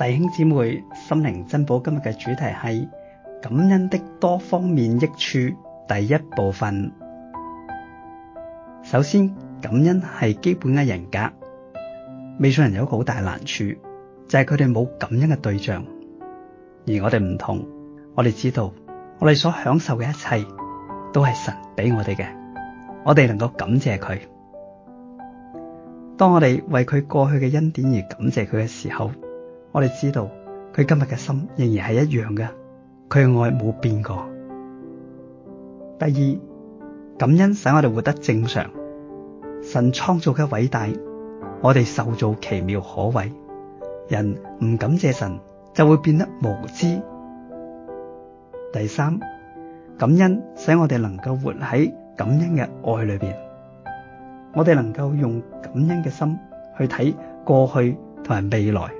弟兄姊妹，心靈珍寶，今日嘅主題係感恩的多方面益處。第一部分，首先感恩係基本嘅人格。未信人有一個好大難處，就係佢哋冇感恩嘅對象，而我哋唔同。我哋知道我哋所享受嘅一切都係神俾我哋嘅，我哋能夠感謝佢。當我哋為佢過去嘅恩典而感謝佢嘅時候，我哋知道佢今日嘅心仍然係一樣嘅，佢嘅愛冇變過。第二，感恩使我哋活得正常。神創造嘅偉大，我哋受造奇妙可畏。人唔感謝神，就會變得無知。第三，感恩使我哋能夠活喺感恩嘅愛裏邊，我哋能夠用感恩嘅心去睇過去同埋未來。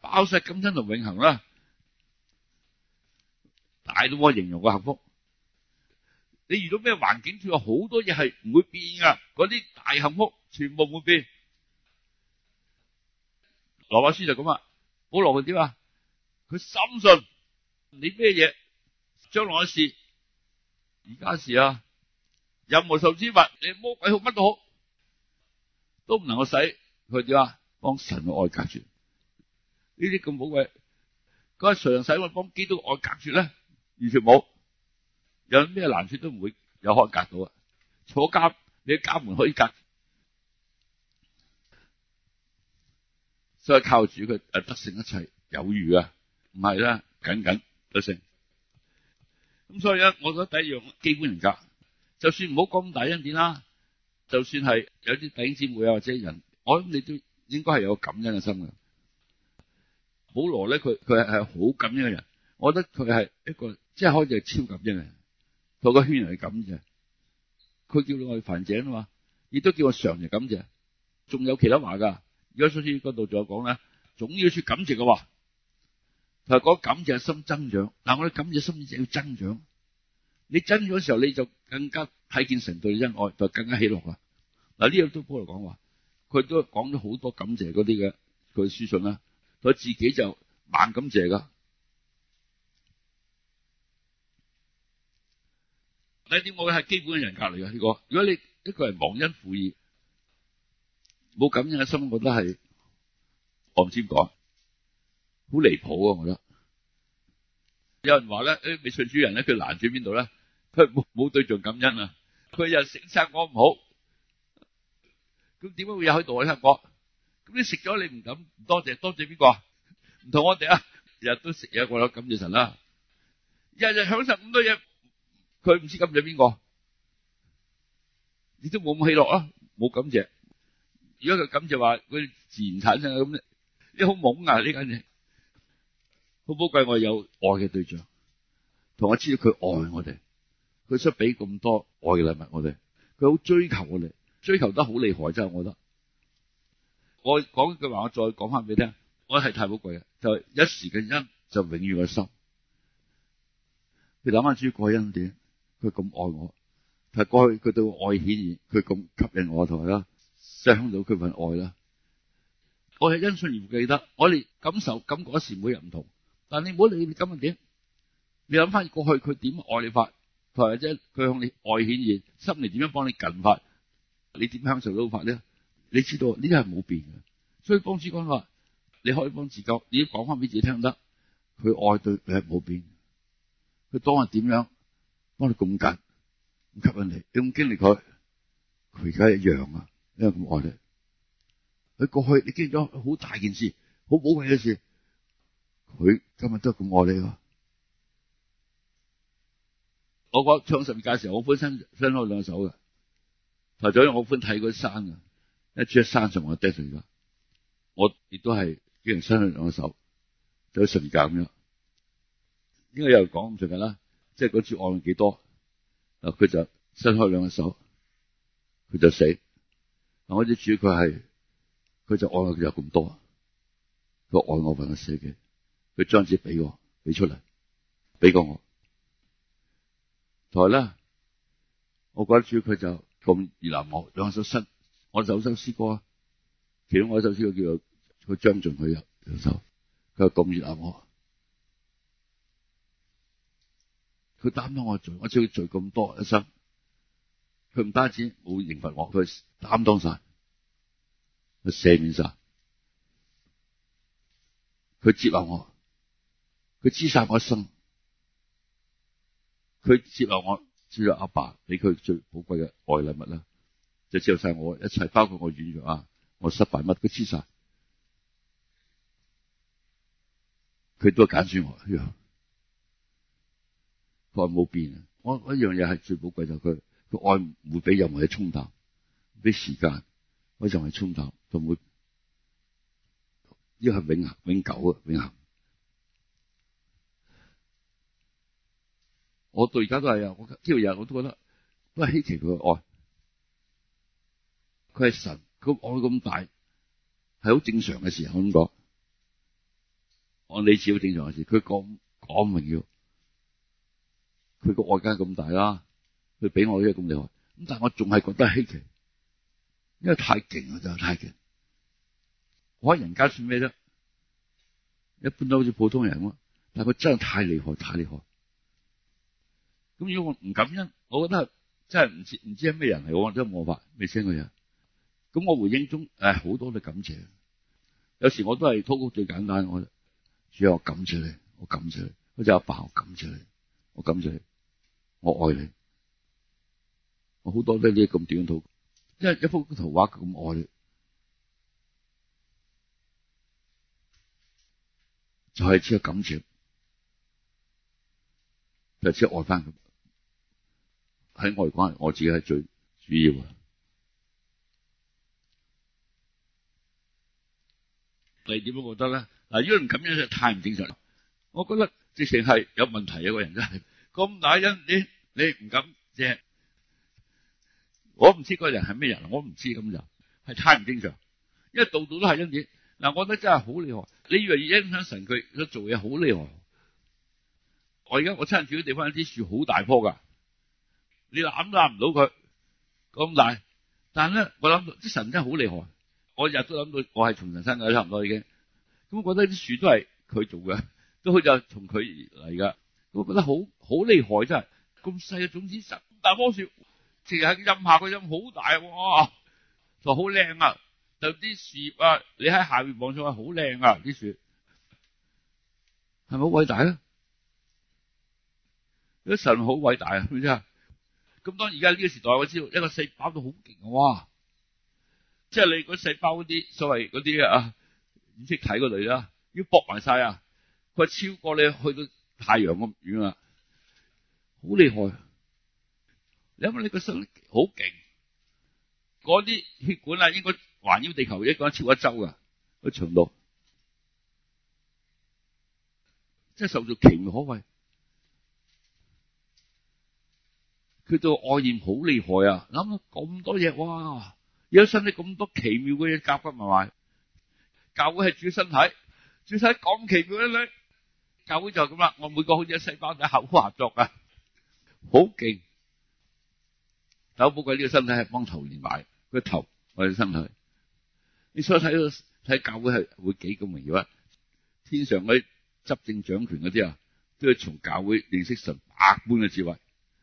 包晒感恩同永恆啦，大都可以形容嘅幸福。你遇到咩環境，仲有好多嘢係唔會變噶。嗰啲大幸福全部會變。羅馬書就咁啊，保羅佢點啊？佢深信你咩嘢，將來嘅事、而家嘅事啊，任何受之物，你魔鬼好乜都好，都唔能夠使佢點啊？幫神嘅愛隔絕。呢啲咁寶貴，嗰個常使我幫基督愛隔絕咧，完全冇。有咩難處都唔會有可能隔到啊！坐監你監門可以隔，所以靠住佢誒得勝一切有餘啊！唔係啦，僅僅得勝。咁所以咧，我覺得第一樣基本人格，就算唔好講咁大恩典啦，就算係有啲弟兄姊妹啊或者人，我諗你都應該係有感恩嘅心嘅。保羅咧，佢佢係好感恩嘅人，我覺得佢係一個即係可以係超感恩嘅人。佢個圈人係感恩嘅，佢叫你去凡者啊嘛，亦都叫我常人感恩。仲有其他話噶，而家書書嗰度仲有講咧，總要說感謝嘅話。佢話講感謝心增長，嗱我哋感謝心只要增長，你增長嘅時候你就更加睇見神對你恩愛，就更加喜樂啦。嗱，呢樣都保羅講話，佢都講咗好多感謝嗰啲嘅佢嘅書信啦。佢自己就猛感謝噶，你點會係基本嘅人格嚟噶呢個。如果你一個人忘恩負義，冇感恩嘅心，我覺得係，我唔知點講，好離譜啊！我覺得有人話咧，誒，未信主人咧，佢難住邊度咧？佢冇冇對象感恩啊？佢又食生果唔好，咁點解會入去度咧？我你食咗你唔敢？唔多謝，多謝邊個？唔同我哋啊，日日、啊、都食嘢，我諗感謝神啦、啊。日日享受咁多嘢，佢唔知感謝邊個？你都冇咁喜樂啊，冇、啊、感謝。如果佢感謝話，佢自然產生咁。你好懵啊呢間嘢。好寶貴，可可我有愛嘅對象，同我知道佢愛我哋，佢想俾咁多愛嘅禮物我哋，佢好追求我哋，追求得好厲害真係，我覺得。我講句話，我再講翻，俾你聽，我係太寶貴啦。就一時嘅恩，就永遠嘅心。你諗下過去恩點，佢咁愛我，但係過去佢對我愛顯現，佢咁吸引我同佢啦，傷到佢份愛啦。我係因信而記得，我哋感受感覺嗰時每人唔同，但係你唔好理咁嘅點。你諗翻過去佢點愛你法，同埋即係佢向你愛顯現，心裡點樣幫你近法，你點享受到法咧？你知道呢啲係冇變嘅，所以幫主講話，你可以幫自己，你要講翻俾自己聽得，佢愛對你係冇變，佢當日點樣幫你咁緊，吸引你，你咁經歷佢，佢而家一樣啊，因為咁愛你。佢過去你經歷咗好大件事，好寶貴嘅事，佢今日都係咁愛你咯。我講唱十二架嘅時候，我歡伸伸開兩手嘅，頭先我歡睇嗰啲山嘅。一注三十萬跌落嚟啦！我亦都係叫人伸開兩隻手，做啲神教咁樣。呢個又講神教啦，即係嗰注愛佢幾多啊？佢就伸開兩隻手，佢就死。嗱，我知主佢係，佢就愛我，佢就咁多。佢愛我，我就死嘅。佢將紙俾我，俾出嚟，俾過我。後來咧，我覺得主佢就咁疑難我，兩隻手伸。我有一首詩歌啊，其中我一首詩歌叫做《佢將盡佢日》。嗰首佢話咁熱愛我，佢擔當我罪，我知佢罪咁多一生，佢唔單止冇刑罰我，佢擔當晒，佢赦免晒，佢接納我，佢支散我心，佢接納我，只有阿爸俾佢最寶貴嘅愛禮物啦。就接受曬我一切，包括我軟弱啊，我失敗乜都黐晒。佢都係揀選我。佢話冇變啊，我一樣嘢係最寶貴就佢，佢愛唔會俾任何嘢沖淡，俾時間，我仲係沖淡，就唔會，呢個係永恆、永久啊，永恆。我到而家都係啊，呢朝、這個、日我都覺得都係希求佢嘅愛。佢係神，佢愛到咁大，係好正常嘅時候。咁講，按你似好正常嘅事。佢講，講明要，佢個愛梗係咁大啦。佢俾我呢個咁厲害，咁但我仲係覺得稀奇，因為太勁啊，就太勁。我喺人間算咩啫？一般都好似普通人咁，但係佢真係太厲害，太厲害。咁如果我唔感恩，我覺得真係唔知，唔知係咩人嚟，我覺得冇法未聽過人。咁我回應中，誒，好多都感謝。有時我都係禱告最簡單，我主要我感謝你，我感謝你，或者阿爸我感謝你，我感謝你，我愛你。我好多都呢啲咁短嘅禱告，一一幅圖畫咁愛你，就係只有感謝，就只有愛翻。喺外關，我自己係最主要。你點樣覺得咧？嗱，如果唔咁樣就太唔正常。我覺得直情係有問題啊！個人真係咁大恩，你你唔敢謝，我唔知嗰個人係咩人，我唔知咁樣係太唔正常。因為度度都係恩典，嗱，我覺得真係好厲害。你以為影響神佢做嘢好厲害？我而家我親住啲地方啲樹好大棵噶，你攬都攬唔到佢咁大。但係咧，我諗到啲神真係好厲害。我日都諗到，我係從神生嘅，差唔多已經。咁我覺得啲樹都係佢做嘅，都就從佢嚟噶。咁我覺得好好厲害真係，咁細嘅種子生咁大棵樹，成日蔭下個蔭好大喎。就好靚啊，有啲樹葉啊，你喺下邊望上去好靚啊，啲樹係咪好偉大啊？咁神好偉大啊，係咪真係。咁當而家呢個時代，我知道一個細，長到好勁哇。即係你嗰細胞嗰啲所謂嗰啲啊，唔識睇個女啦，要搏埋晒啊！佢超過你去到太陽咁遠啊，好厲害！你諗下你個身好勁，嗰啲血管啊，應該環繞地球一個人超一周噶，個長度真係受造奇妙可畏。佢做外延好厲害啊，諗咁多嘢哇！而家身體咁多奇妙嘅嘢，夾骨埋埋，教會係主嘅身體，主身體咁奇妙咧，教會就咁啦。我每個好似一細胞仔合乎合作啊，好勁。老寶貴呢個身體係幫頭連埋個頭，我哋身體。你所睇到睇教會係會幾咁榮耀啊？天上嗰啲執政掌權嗰啲啊，都要從教會認識神百般嘅智慧。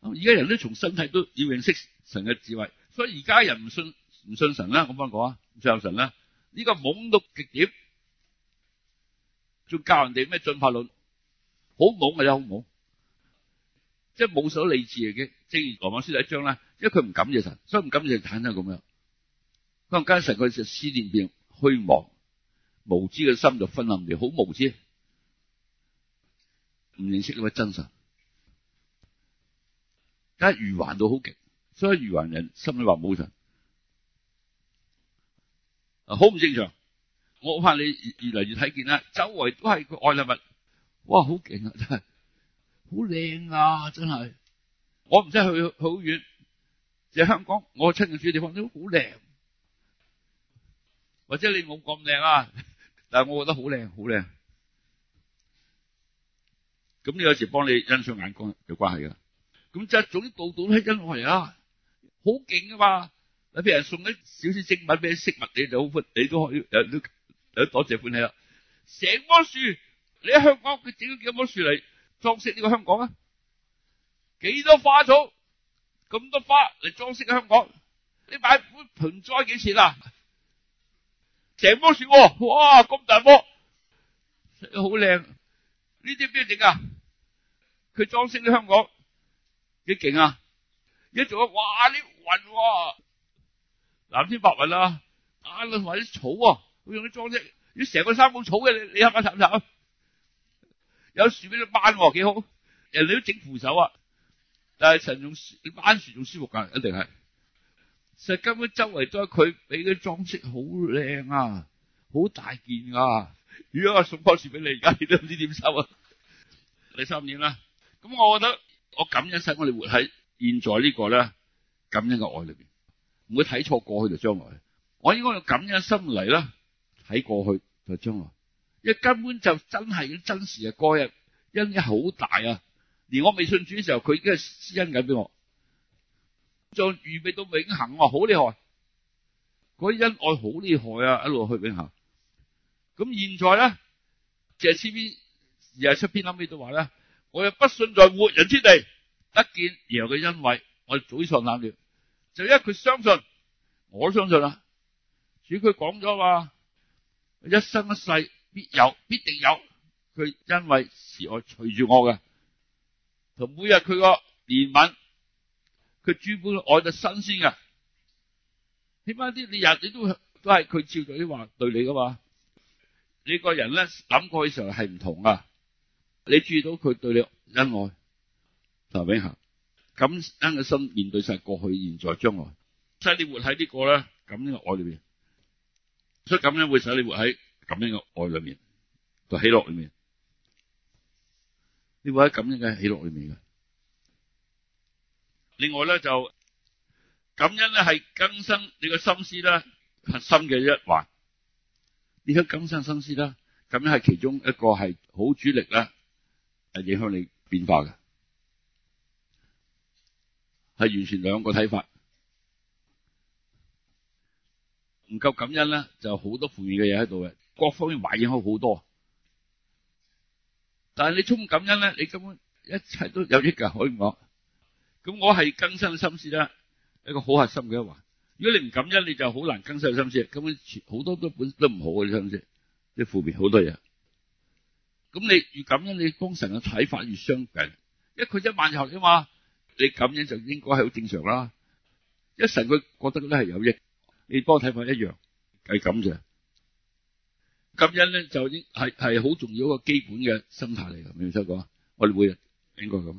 而家人都從身體都要認識神嘅智慧，所以而家人唔信。唔信神啦，咁樣講啊，唔信神啦，呢個懵到極點，仲教人哋咩進化論，好懵嘅，又懵，即係冇所理智嘅嘅，正如羅馬書第一章啦，因為佢唔感激神，所以唔感激就產生咁樣，咁跟實佢就思念變虛妄，無知嘅心就昏暗住，好無知，唔認識呢位真神，但係愚頑到好極，所以愚頑人心裏話冇神。啊，好唔正常！我怕你越嚟越睇見啦，周圍都係個愛麗物，哇，好勁啊，真係好靚啊，真係！我唔使去好遠，就係香港我親近處地方都好靚，或者你冇講咁靚啊，但係我覺得好靚，好靚。咁你，有時幫你欣賞眼光有關係㗎。咁即係總之度度都係恩愛啊，好勁啊嘛！有啲人送啲少少精品俾飾物你，你就好歡，你都可以有，有多謝歡喜啦！成樖樹，你喺香港佢整咗幾棵樹嚟裝飾呢個香港啊？幾多花草，咁多花嚟裝飾香港？Climate, 嗯、S net 你買盆栽幾錢啊？成棵樹，哇いな，咁大棵，好靚！呢啲邊整啊？佢裝飾呢香港，幾勁啊！一做哇，啲雲喎～藍天白雲啊，啱啦，或者啲草啊，會用啲裝飾，如果成個山冇草嘅，你你黑黑沉沉。有樹俾你攀喎，幾好。人哋都整扶手啊，但係神用攀樹仲舒服噶，一定係。其實根本周圍都係佢俾啲裝飾好靚啊，好大件啊。如果我送棵樹俾你，而家你都唔知點收啊。你心念啦。咁我覺得我感恩使我哋活喺現在呢個咧感恩嘅愛裏邊。唔會睇錯過去就將來，我應該用噉樣心嚟啦，睇過去就將來，因為根本就真係啲真實嘅光啊，恩嘅好大啊，連我未信主嘅時候，佢已經係施恩緊俾我，就預備到永恒，哇，好厲害，嗰啲恩愛好厲害啊，一路去永恒。咁現在咧，詩篇二十七篇諗起都話咧，我若不信在活人之地，得見耶和華的恩惠，我就早已喪膽了。就因為佢相信，我相信啦。主佢講咗嘛，一生一世必有，必定有。佢恩惠慈愛隨住我嘅，同每日佢個憐憫，佢主般愛得新鮮嘅。起碼啲你日你都都係佢照住啲話對你噶嘛。你個人咧諗過嘅時候係唔同啊。你注意到佢對你恩愛，劉永恒。感恩嘅心面對晒過去、現在、將來，所以你活喺呢個咧，咁呢個愛裏邊，所以感恩會使你活喺咁樣嘅愛裏面，就喜樂裏面。你活喺咁樣嘅喜樂裏面嘅。另外咧就感恩咧係更新你嘅心思啦，核心嘅一環。你睇更新心思啦，咁樣係其中一個係好主力啦，係影響你變化嘅。係完全兩個睇法，唔夠感恩咧，就好多負面嘅嘢喺度嘅，各方面反映開好多。但係你充滿感恩咧，你根本一切都有益噶。可以講，咁我係更新嘅心思啦，一個好核心嘅一環。如果你唔感恩，你就好難更新嘅心思，根本好多都本都唔好嘅啲心思，啲負面好多嘢。咁你越感恩，你幫神嘅睇法越相近，因為佢一萬日頭啫嘛。你感恩就應該係好正常啦，一神佢覺得咧係有益，你幫我睇翻一樣，係咁啫。感恩咧就應係係好重要一個基本嘅心態嚟嘅，明唔明我講啊？我哋每日應該咁。